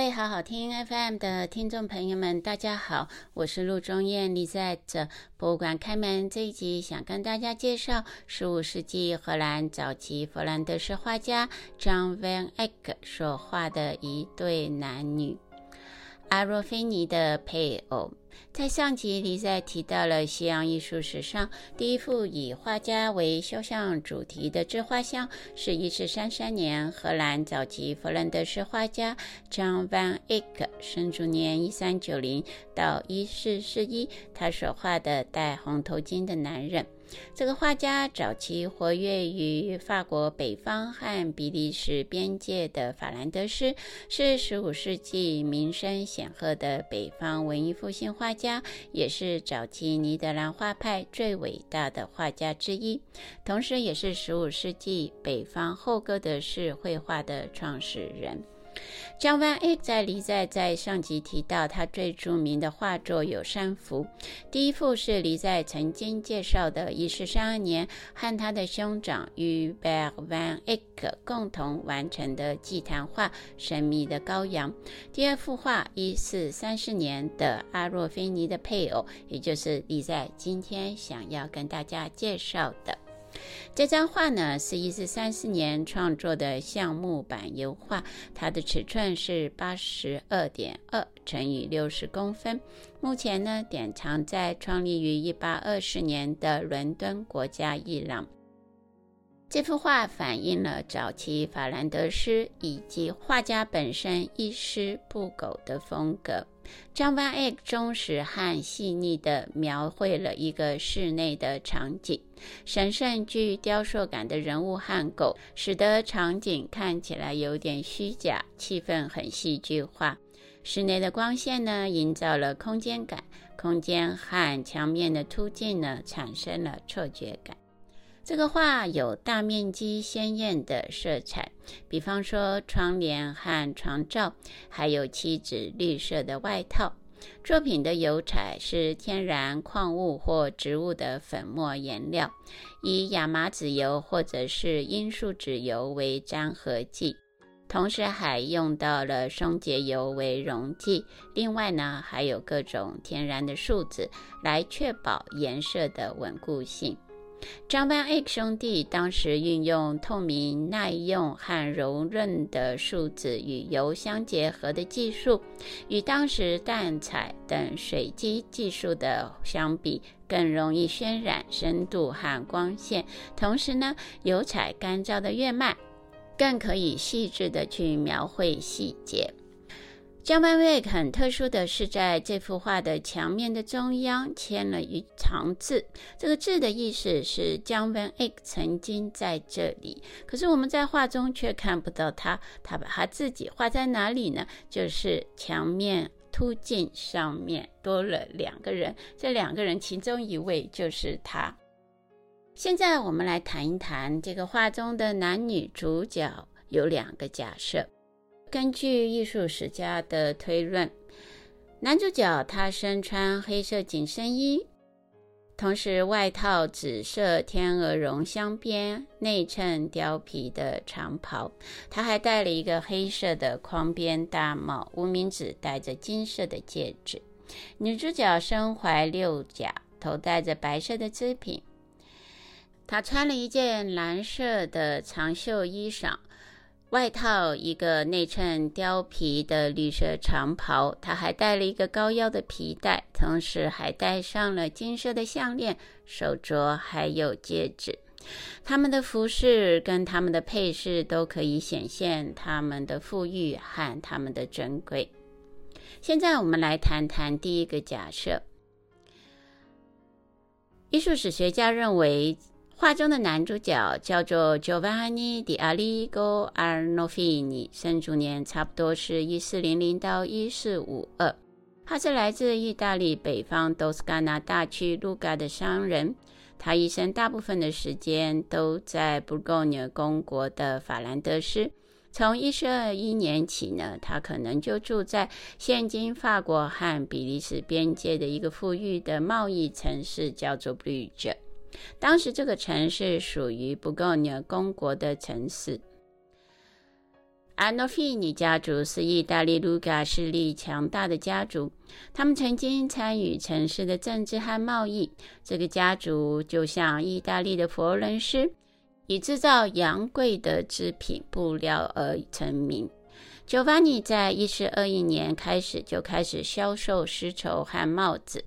各位好好聽 FM 的聽眾朋友們，大家好，我是陸中燕，Lizette，博物館開門這一集，想跟大家介紹十五世紀荷蘭早期佛蘭德斯畫家 Jan van Eyck 所畫的一對男女阿若菲尼的配偶。在上集裡，在提到了西洋藝術史上第一幅以畫家為肖像主題的自畫像，是一四三三年荷蘭早期佛蘭德斯畫家 Jan van Eyck，生卒年一三九零到一四四一，他所畫的戴紅頭巾的男人。這個畫家早期活躍於法國北方和比利時邊界的法蘭德斯，是15世紀名聲顯赫的北方文藝復興畫家，也是早期尼德蘭畫派最偉大的畫家之一，同時，也是15世紀北方後哥德式繪畫的創始人。Jan van Eyck 在里在，在上集提到，他最著名的畫作有三幅。第一幅是里在曾經介紹的，一四三二年和他的兄長與 Hubert van Eyck 共同完成的祭壇畫《神秘的羔羊》。第二幅畫，一四三四年的阿諾菲尼的配偶，也就是里在今天想要跟大家介紹的。這張畫呢，是一四三四年創作的橡木板油畫，它的尺寸是八十二點二乘以六十公分。目前呢，典藏在創立於一八二四年的倫敦國家藝廊。這幅畫反映了早期法蘭德斯以及畫家本身一絲不苟的風格。Jan van Eyck 忠實和細膩地描繪了一個室內的場景，神聖具雕塑感的人物和狗，使得場景看起來有點虛假，氣氛很戲劇化。室內的光線呢，營造了空間感，空間和牆面的凸鏡呢，產生了錯覺感。這個畫有大面積鮮豔的色彩，比方說窗簾和床罩，還有妻子綠色的外套。作品的油彩是天然礦物或植物的粉末顏料，以亞麻籽油或者是罌粟籽油為粘合劑，同時還用到了松節油為溶劑。另外呢，還有各種天然的樹脂來確保顏色的穩固性。Jan van Eyck 兄弟當時運用透明、耐用和柔韌的樹脂與油相結合的技術，與當時蛋彩等水基技術的相比，更容易渲染深度和光線。同時呢，油彩乾燥的越慢，更可以細緻的去描繪細節。Jan van Eyck 很特殊的是，在這幅畫的牆面的中央簽了一行字。這個字的意思是 Jan van Eyck 曾經在這裡，可是我們在畫中卻看不到他。他把他自己畫在哪裡呢？就是牆面凸鏡上面多了兩個人，這兩個人其中一位就是他。現在我們來談一談這個畫中的男女主角，有兩個假設。根據藝術史家的推論，男主角他身穿黑色緊身衣，同時外套紫色天鵝絨鑲邊、內襯貂皮的長袍，他還戴了一個黑色的寬邊大帽，無名指戴着金色的戒指。女主角身懷六甲，頭戴着白色的織品，他穿了一件藍色的長袖衣裳。外套一個內襯貂皮的綠色長袍，他還帶了一個高腰的皮帶，同時還戴上了金色的項鏈、手鐲還有戒指。他們的服飾跟他們的配飾都可以顯現他們的富裕和他們的珍貴。現在我們來談談第一個假設，藝術史學家認為。畫中的男主角叫做 Giovanni di a l i g o a r n o f i n i 生卒年差不多是一四零零到一四五二。他是來自意大利北方都斯 s g 大區盧嘎的商人。他一生大部分的時間都在布洛尼公國的法蘭德斯。從一四二一年起呢，他可能就住在現今法國和比利時邊界的一個富裕的貿易城市，叫做 b r u g e .當時，這個城市屬於布貢尼公國的城市。安諾菲尼家族是意大利盧卡勢力強大的家族，他們曾經參與城市的政治和貿易。這個家族就像意大利的佛倫斯，以製造昂貴的織品、布料而成名。喬巴尼在1421年開始就開始銷售絲綢和帽子。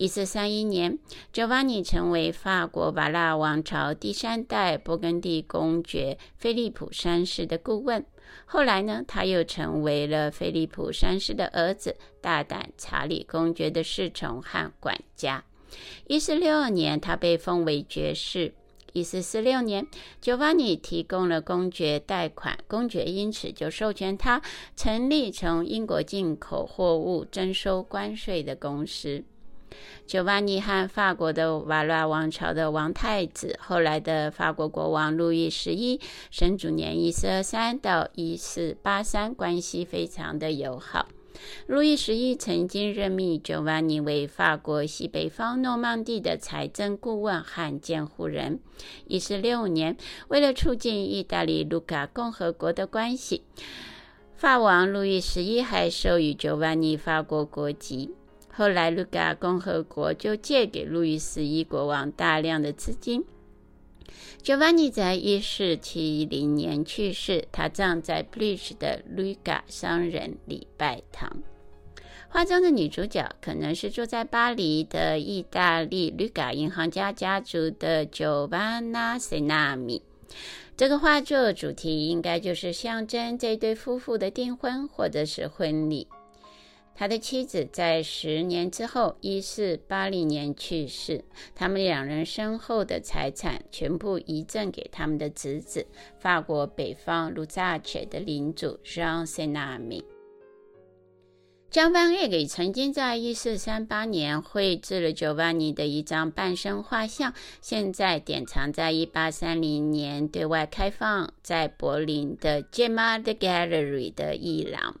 一四三一年，喬瓦尼成為法國瓦拉王朝第三代勃艮第公爵菲利普三世的顧問。後來呢，他又成為了菲利普三世的兒子、大膽查理公爵的侍從和管家。一四六二年，他被封為爵士。一四四六年，喬瓦尼提供了公爵貸款，公爵因此就授權他成立從英國進口貨物徵收關稅的公司。喬瓦尼和法國的瓦拉王朝的王太子，後來的法國國王路易十一（生卒年一四二三到一四八三）關係非常的友好。路易十一曾經任命喬瓦尼為法國西北方諾曼底的財政顧問和監護人。一四六五年，為了促進意大利盧卡共和國的關係，法王路易十一還授予喬瓦尼法國國籍。後來，盧卡共和國就借給路易十一國王大量的資金。喬瓦尼在一四七零年去世，他葬在布列什的盧卡商人禮拜堂。畫中的女主角可能是住在巴黎的意大利盧卡銀行家家族的喬瓦娜塞納米。這個畫作主題應該就是象徵這對夫婦的訂婚或者是婚禮。他的妻子在十年之後，一四八零年去世。他們兩人身後的財產全部遺贈給他們的侄子，法國北方盧扎切的領主 Jean Cename。Jan van Eyck 曾經在一四三八年繪制了 Giovanni 的一張半身畫像，現在典藏在一八三零年對外開放，在柏林的 Gemäldegalerie 的藝廊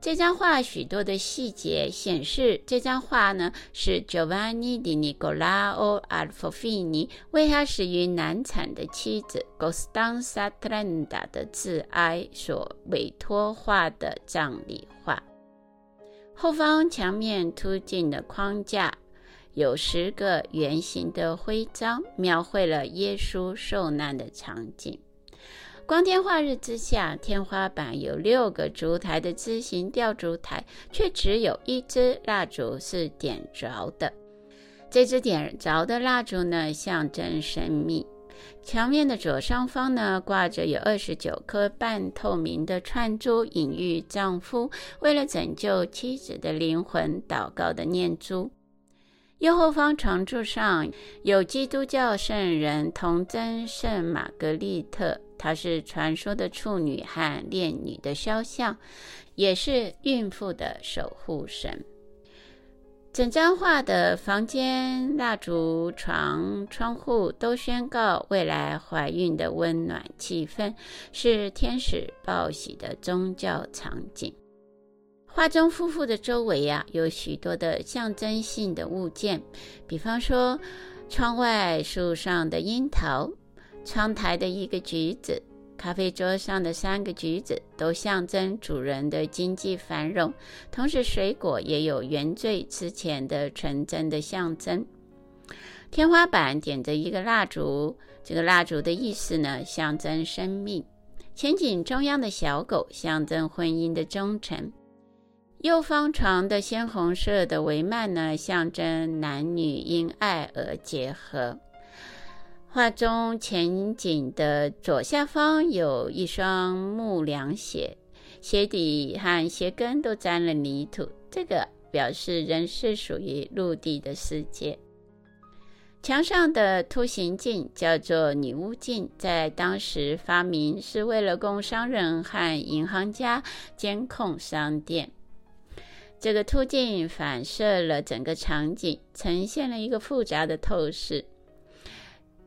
這張畫許多的細節顯示，這張畫呢是 Giovanni di Nicolao Arnolfini 為他死於難產的妻子 Costanza Trenta 的致哀所委託畫的葬禮畫。後方牆面凸鏡的框架有十個圓形的徽章，描繪了耶穌受難的場景。光天化日之下，天花板有六個燭台的枝形吊燭台，卻只有一支蠟燭是點着的。這支點着的蠟燭呢，象徵神秘，牆面的左上方呢，掛着有二十九顆半透明的串珠，隱喻丈夫為了拯救妻子的靈魂禱告的念珠。右後方床柱上有基督教聖人童貞聖瑪格麗特。她是傳說的處女和戀女的肖像，也是孕婦的守護神。整張畫的房間、蠟燭、床、窗戶都宣告未來懷孕的溫暖氣氛，是天使報喜的宗教場景。畫中夫婦的周圍呀、啊，有許多的象徵性的物件，比方說窗外樹上的櫻桃。窗台的一個橘子，咖啡桌上的三個橘子，都象徵主人的經濟繁榮。同時，水果也有原罪之前的純真的象徵。天花板點着一個蠟燭，這個蠟燭的意思呢，象徵生命。前景中央的小狗象徵婚姻的忠誠。右方床的鮮紅色的帷幔呢，象徵男女因愛而結合。畫中前景的左下方有一雙木涼鞋，鞋底和鞋跟都沾了泥土，這個表示人是屬於陸地的世界。牆上的凸形鏡叫做女巫鏡，在當時發明是為了供商人和銀行家監控商店。這個凸鏡反射了整個場景，呈現了一個複雜的透視。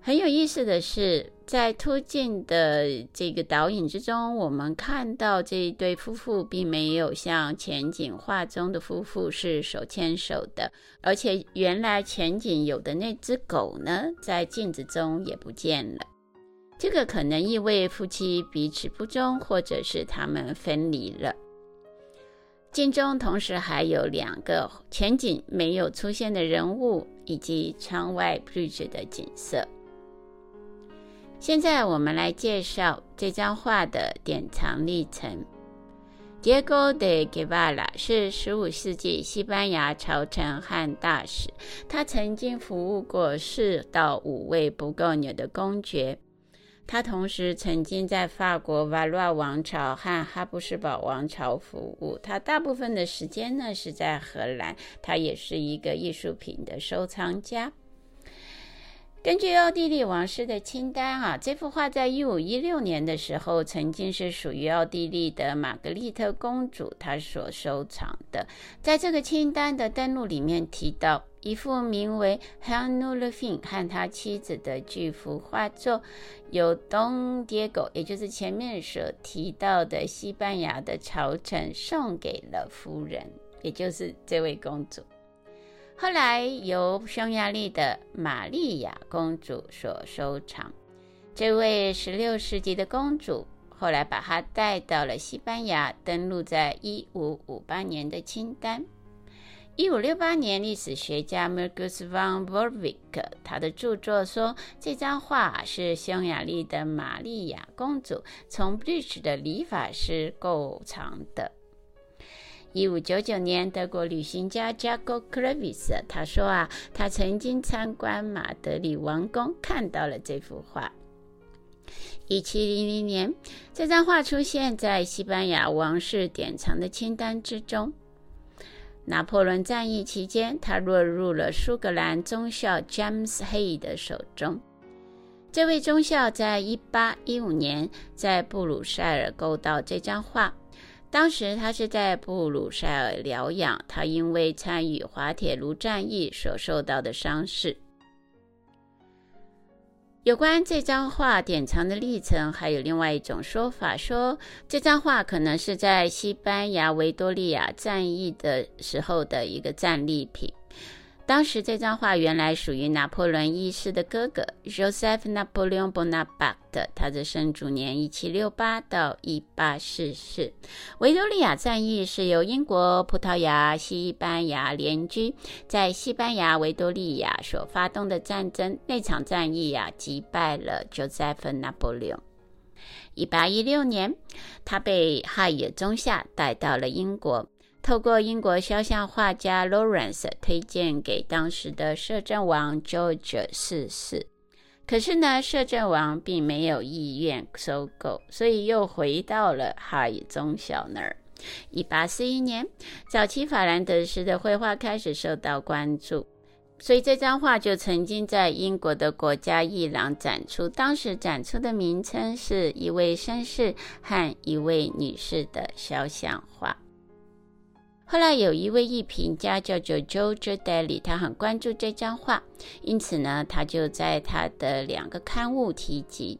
很有意思的是，在凸鏡的這個倒影之中，我們看到這一對夫婦並沒有像前景畫中的夫婦是手牽手的，而且原來前景有的那隻狗呢，在鏡子中也不見了。這個可能意味夫妻彼此不忠，或者是他們分離了。鏡中同時還有兩個前景沒有出現的人物，以及窗外綠植的景色。現在我們來介紹這張畫的典藏歷程。Diego de Guevara 是十五世紀西班牙朝臣和大使，他曾經服務過四到五位不夠牛的公爵。他同時曾經在法國瓦盧瓦王朝和哈布斯堡王朝服務。他大部分的時間呢，是在荷蘭，他也是一個藝術品的收藏家。根據奧地利王室的清單，啊，這幅畫在一五一六年的時候，曾經是屬於奧地利的瑪格麗特公主，她所收藏的。在這個清單的登錄裡面提到，一幅名為 Hanno Lufin 和他妻子的巨幅畫作，由 Don Diego，也就是前面所提到的西班牙的朝臣，送給了夫人，也就是這位公主。後來由匈牙利的瑪麗亞公主所收藏。這位十六世紀的公主後來把她帶到了西班牙，登錄在一五五八年的清單。一五六八年，歷史學家 Marcus van Vaernewijck 他的著作說，這張畫是匈牙利的瑪麗亞公主從瑞士的理髮師購藏的。一五九九年，德國旅行家 Jacob Klevius 他說：“啊，他曾經參觀馬德里王宮，看到了這幅畫。”一七零零年，這張畫出現在西班牙王室典藏的清單之中。拿破崙戰役期間，他落入了蘇格蘭中校 James Hay 的手中。這位中校在一八一五年在布魯塞爾購到這張畫。當時他是在布魯塞爾療養，他因為參與滑鐵盧戰役所受到的傷勢。有關這張畫典藏的歷程，還有另外一種說法，說這張畫可能是在西班牙維多利亞戰役的時候的一個戰利品。當時這張畫原來屬於拿破崙一世的哥哥 Joseph Napoleon Bonaparte，他的生卒年一七六八到一八四四。維多利亞戰役是由英國、葡萄牙、西班牙聯軍在西班牙維多利亞所發動的戰爭，那場戰役呀、啊、擊敗了 Joseph Napoleon。一八一六年，他被哈耶中校帶到了英國。透過英國肖像畫家 Lawrence 推薦給當時的攝政王 George 四世，可是呢，攝政王並沒有意願收購，所以又回到了海中小那兒。一八四一年，早期法蘭德斯的繪畫開始受到關注，所以這張畫就曾經在英國的國家藝廊展出。當時展出的名稱是一位紳士和一位女士的肖像畫。後來有一位藝評家叫做 JoJo Daly，他很關注這張畫，因此呢，他就在他的兩個刊物提及。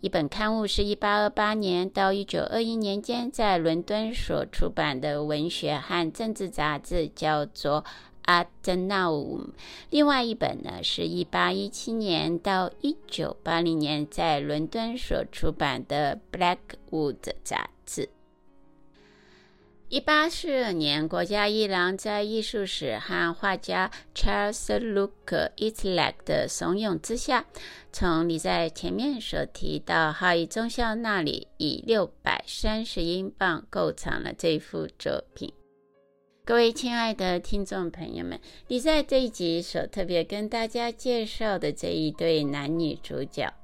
一本刊物是一八二八年到一九二一年間在倫敦所出版的文學和政治雜誌，叫做《Athenaeum》。另外一本呢，是一八一七年到一九八零年在倫敦所出版的《Blackwood》雜誌。一八四二年，國家藝廊在藝術史和畫家 Charles Lock Eastlake 的慫恿之下，從你在前面所提到的哈伊中校那裡以六百三十英鎊購藏了這幅作品。各位親愛的聽眾朋友們，你在這一集所特別跟大家介紹的這一對男女主角，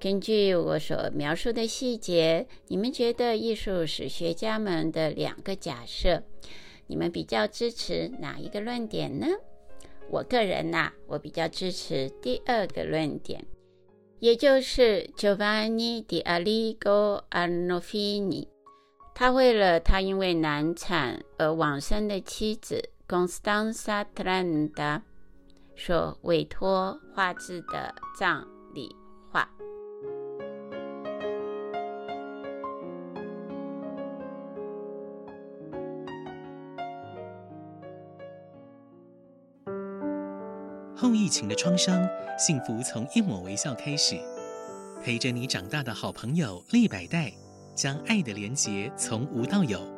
根據我所描述的細節，你們覺得藝術史學家們的兩個假設，你們比較支持哪一個論點呢？我個人吶、啊，我比較支持第二個論點，也就是 Giovanni di Arigo Arnolfini。他為了他因為難產而往生的妻子貢斯當·薩特蘭達所委托畫製的葬禮畫。後疫情的創傷，幸福從一抹微笑開始。陪着你長大的好朋友利百代。將愛的連結從無到有。